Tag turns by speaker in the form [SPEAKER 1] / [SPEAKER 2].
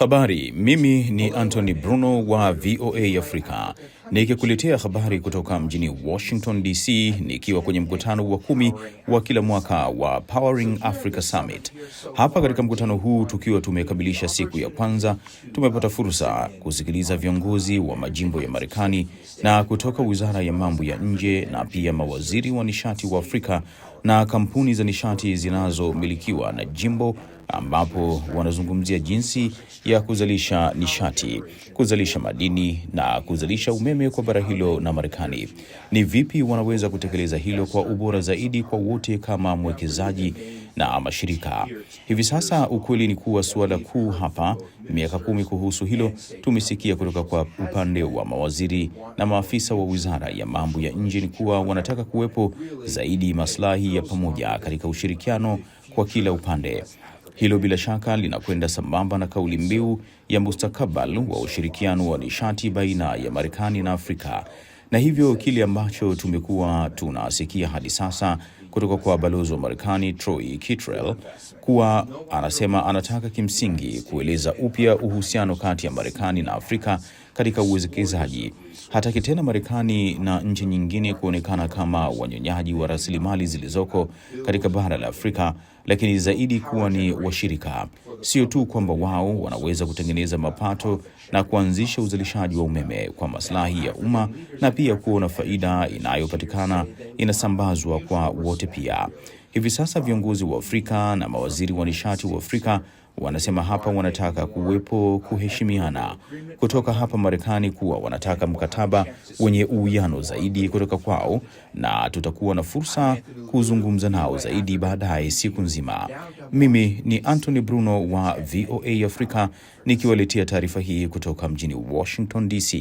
[SPEAKER 1] Habari, mimi ni Anthony Bruno wa VOA Afrika nikikuletea habari kutoka mjini Washington DC, nikiwa kwenye mkutano wa kumi wa kila mwaka wa Powering Africa Summit. Hapa katika mkutano huu, tukiwa tumekamilisha siku ya kwanza, tumepata fursa kusikiliza viongozi wa majimbo ya Marekani na kutoka Wizara ya Mambo ya Nje na pia mawaziri wa nishati wa Afrika na kampuni za nishati zinazomilikiwa na jimbo ambapo wanazungumzia jinsi ya kuzalisha nishati, kuzalisha madini na kuzalisha umeme kwa bara hilo na Marekani. Ni vipi wanaweza kutekeleza hilo kwa ubora zaidi kwa wote kama mwekezaji na mashirika. Hivi sasa ukweli ni kuwa suala kuu hapa miaka kumi kuhusu hilo tumesikia kutoka kwa upande wa mawaziri na maafisa wa Wizara ya Mambo ya Nje ni kuwa wanataka kuwepo zaidi maslahi ya pamoja katika ushirikiano kwa kila upande. Hilo bila shaka linakwenda sambamba na kauli mbiu ya mustakabali wa ushirikiano wa nishati baina ya Marekani na Afrika, na hivyo kile ambacho tumekuwa tunasikia hadi sasa kutoka kwa balozi wa Marekani Troy Kitrell kuwa anasema anataka kimsingi kueleza upya uhusiano kati ya Marekani na Afrika katika uwekezaji. Hataki tena Marekani na nchi nyingine kuonekana kama wanyonyaji wa rasilimali zilizoko katika bara la Afrika, lakini zaidi kuwa ni washirika. Sio tu kwamba wao wanaweza kutengeneza mapato na kuanzisha uzalishaji wa umeme kwa maslahi ya umma, na pia kuona faida inayopatikana inasambazwa kwa wote. Pia hivi sasa viongozi wa Afrika na mawaziri wa nishati wa Afrika Wanasema hapa wanataka kuwepo kuheshimiana kutoka hapa Marekani, kuwa wanataka mkataba wenye uwiano zaidi kutoka kwao, na tutakuwa na fursa kuzungumza nao zaidi baadaye siku nzima. Mimi ni Anthony Bruno wa VOA Afrika nikiwaletea taarifa hii kutoka mjini Washington DC.